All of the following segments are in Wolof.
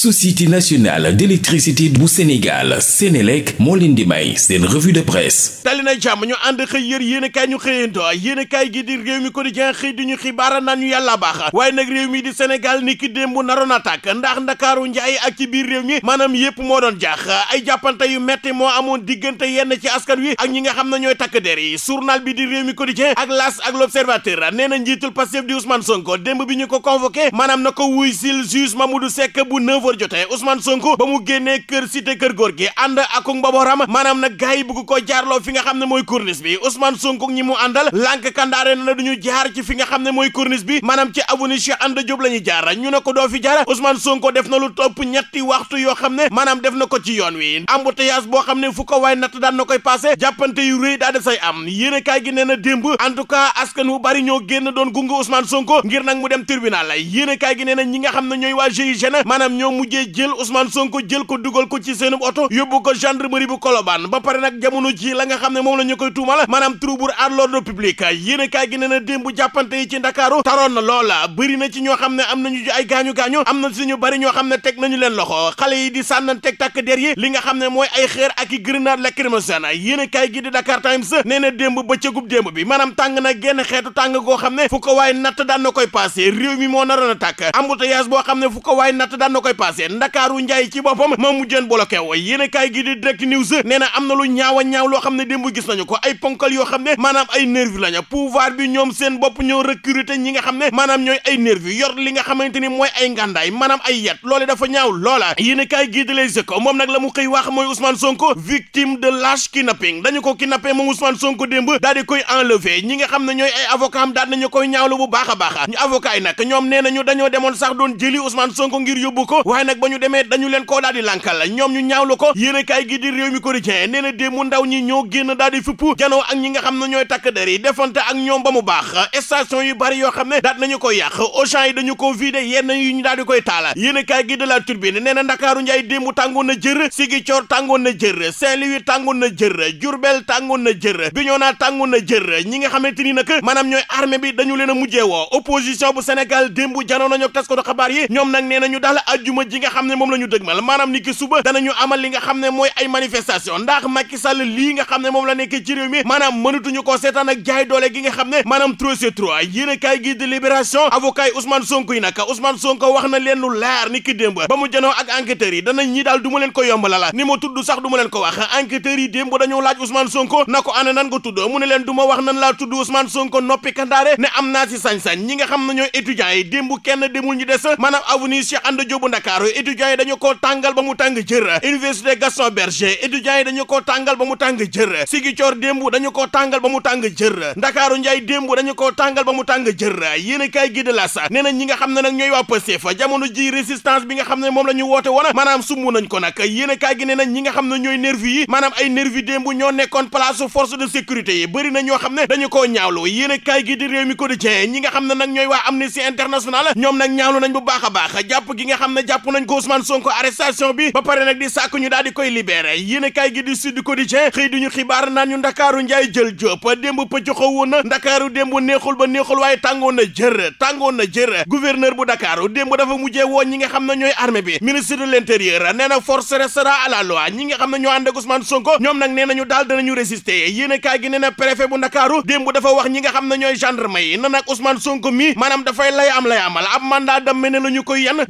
société nationale d'électricité bu Sénégal Sénélec moo leen di may seen revue de presse tali na jàmm ñu ànd xëy yër yéenekaay ñu xëyanto yéenekaay gi di réew mi quotidien xëy di xibaara naan yàlla baax waaye nag réew mi di Sénégal ni ki démb naroon a tàkk ndax ndakaaru njaay ak ci biir réew mi maanaam yépp moo doon jaax ay jàppante yu metti moo amoon diggante yenn ci askan wi ak ñi nga xam ne ñooy takk der yi journal bi di réew mi quotidien ak heure jotee Ousmane Sonko ba mu génnee kër cité kër góor gi ànd ak mbaboram maanaam nag ko jaarloo fi nga xam ne mooy corniche bi Ousmane Sonko ñi mu àndal lànk kandaare na duñu jaar ci fi nga xam ne mooy corniche bi maanaam ci avenue Cheikh Anta Diop jaar ñu ne ko doo jaar Ousmane Sonko def na lu topp ñetti waxtu yoo xam ne maanaam def na ko ci yoon wi embouteillage boo xam ne fu ko waay natt daan na koy passé jàppante yu rëy daa de say am yéene kaay gi nee mujjee jël Ousmane Sonko jël ko dugal ko ci seen oto yóbbu ko gendarmerie bu Colobane ba pare nag jamono ji la nga xam ne moom la ñu koy tuumal maanaam trouble à l'ordre public yéen a kaay gi nee démb jàppante yi ci Ndakaaru taroon na loola bëri na ci ñoo xam ne am nañu ay gaañu-gaañu am na ci ñu ñoo xam ne teg nañu leen loxo xale yi di sànnan teg tàkk der yi li nga xam ne mooy ay xeer ak i grenade lacrymogène yéen a kaay gi di Dakar Times nee bi maanaam tàng na genn xeetu tàng goo xam ne fu ko waay natt daan na koy passé a passé ndakaaru njaay ci boppam ma mujjeen bloqué woo yéen a kaay gi di direct news nee am na lu ñaaw a ñaaw loo xam ne démb gis nañu ko ay ponkal yoo xam ne maanaam ay nervi lañu pouvoir bi ñoom seen bopp ñoo recruter ñi nga xam ne maanaam ñooy ay nervi yor li nga xamante ni mooy ay ngàndaay maanaam ay yet loole dafa ñaaw loola yéen a kaay gi di Les moom nag la mu xëy wax mooy Ousmane Sonko victime de lâche kidnapping dañu ko kidnappé moom Ousmane Sonko démb daal di koy enlevé ñi nga xam ne ñooy ay avocat am daal nañu koy ñaawlu bu baax a baax ñu avocat yi nag ñoom nee nañu dañoo demoon sax doon jëli Ousmane Sonko ngir yóbbu ko waaye nag ba ñu demee dañu ko yéene kaay gi di réew mi quotidien nee na ndaw ñi ñoo génn daal fupp janoo ak ñi nga xam ne ñooy takk der yi defante ak ñoom ba mu baax station yi bari yoo xam ne daat nañu koy yàq Auchan yi dañu ko vidé yenn yu di koy taala yéene kaay gi de la turbine na ndakaaru njaay démb tàngoon na jër Ziguinchor tàngoon na jër Saint-Louis tàngoon na jër Diourbel tàngoon na jër Bignona tàngoon na jër ñi nga xamante ni nag maanaam ñooy armée bi dañu leen a mujjee woo opposition bu Sénégal démb janoo nañu ak taskatu xabaar ji nga xam ne moom la ñu dëgmal maanaam ni ki suba danañu amal li nga xam ne mooy ay manifestation ndax Macky Sall lii nga xam ne moom la nekkee ci réew mi maanaam mënatuñu ko seetaan ak jaay doole gi nga xam ne maanaam trop c'est trop yéen a kaay gi de libération avocat yi Ousmane Sonko yi nag Ousmane Sonko wax na leen lu laar ni ki démb ba mu janoo ak enquêteurs yi danañ ñi daal du leen ko yomb la la ni ma tudd sax du ma leen ko wax enquêteurs yi démb dañoo laaj Ousmane Sonko na ko ana nan nga tudd mu ne leen du ma wax nan laa tudd Ousmane Sonko noppi kandaare ne naa si sañ ñi nga xam ne ñooy étudiants yi démb kenn demul ñu des maanaam avenue Cheikh Anta Diop bu Ndakaaru étudiants yi dañu koo tàngal ba mu tàng jër université Gaston Berger étudiants yi dañu koo tàngal ba mu tàng jër Sigicoor démb dañu koo tàngal ba mu tàng jër Ndakaaru Njaay démb dañu koo tàngal ba mu tàng jër yéen a kaay gi de la sa nee na ñi nga xam ne nag ñooy waa Pastef jamono ji résistance bi nga xam ne moom la ñu woote woon maanaam sumb nañ ko nag yéen a kaay gi nee na ñi nga xam ne ñooy nervi yi maanaam ay nervi démb ñoo nekkoon place force de sécurité yi bëri na ñoo xam ne dañu koo ñaawlu yéen a kaay gi di réew mi quotidien ñi nga xam ne nag ñooy waa Amnesty International ñoom nag ñaawlu nañ bu baax a baax jàpp gi nga xam ne jàpp nañ ko Ousmane Sonko arrestation bi ba pare nag di sàkk ñu daal di koy libéré yéenekaay gi di Sud Quotidien xëy di ñu xibaar naan ñu ndakaaru njaay jël dem démb pëccaxoo woon na ndakaaru démb neexul ba neexul waaye tàngoon na jër tàngoon na jër gouverneur bu Dakar démb dafa mujjee woo ñi nga xam na ñooy armée bi ministre de l'intérieur nee na force restera à ñi nga xam na ñoo ànd ak Ousmane Sonko ñoom nag nee nañu daal danañu résister yéenekaay gi nee na préfet bu Ndakaaru démb dafa wax ñi nga xam ne ñooy gendarme yi na nag Ousmane Sonko mi maanaam dafay lay am lay amal ab mandat dem ne ñu koy yan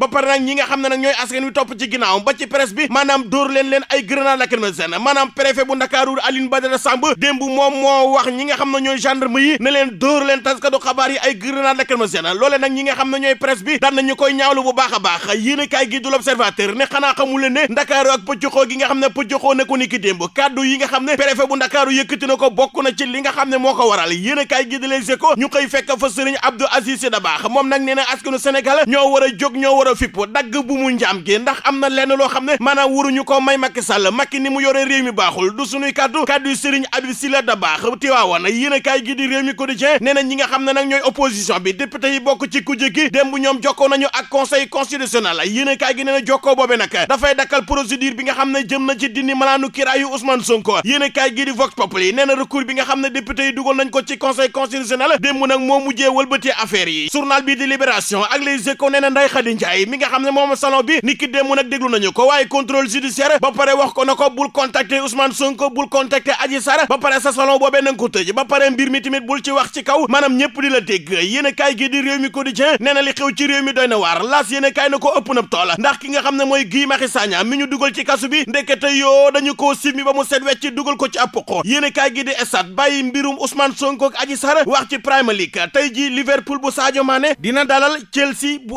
xam ne ñooy askan wi topp ci ginnaawam ba ci presse bi maanaam dóor leen leen ay grenade lacrymogène maanaam préfet bu Ndakaaru Alioune a baax ne xanaa xamul ne Ndakaaru ak pëccoxoo gi nga xam ne pëccoxoo na ko ni démb kaddu yi nga xam ne préfet bu Ndakaaru yëkkati ko bokk ci li nga xam ne moo ko waral yéen a kaay gi di Les Échos ñu koy fekk fa Serigne Abdou Aziz Dabakh moom nag nee askanu Sénégal ñoo war jóg ñoo war fipp dagg bu mu njaam gi ndax am na lenn loo xam ne maanaam waruñu ko may Macky Sall Macky ni mu yore réew mi baaxul du suñuy kaddu kaddu Serigne Abib Sylla da baax tiwaawoon yéen a kaay gi di réew mi quotidien nee na ñi nga xam ne nag ñooy opposition bi député yi bokk ci kujje gi démb ñoom jokkoo nañu ak conseil constitutionnel yéen a kaay gi nee jokkoo boobee nag dafay dakkal procédure bi nga xam ne jëm na ci dindi malaanu kiraayu Ousmane Sonko ko ci conseil yi journal salon bi ni ki démb nag déglu nañu ko waaye contrôle judiciaire ba pare wax ko na ko bul contacter Ousmane Sonko bul contacter Adji Sarr ba pare sa salon boobee na ko tëj ba pare mbir mi tamit bul ci wax ci kaw maanaam ñëpp di la dégg yéen a kaay gi di réew mi quotidien nee na li xew ci réew mi doy na waar laas yéen a kaay na ko ëpp na tool ndax ki nga xam ne mooy Guy Marius Sagna mi ñu dugal ci kasu bi ndekete yoo dañu koo mi ba mu set wecc dugal ko ci ab poqo yéen a kaay gi di Stades bàyyi mbirum Ousmane Sonko ak Adji Sarr wax ci Premier League tey jii Liverpool bu Sadio Mané dina dalal Chelsea bu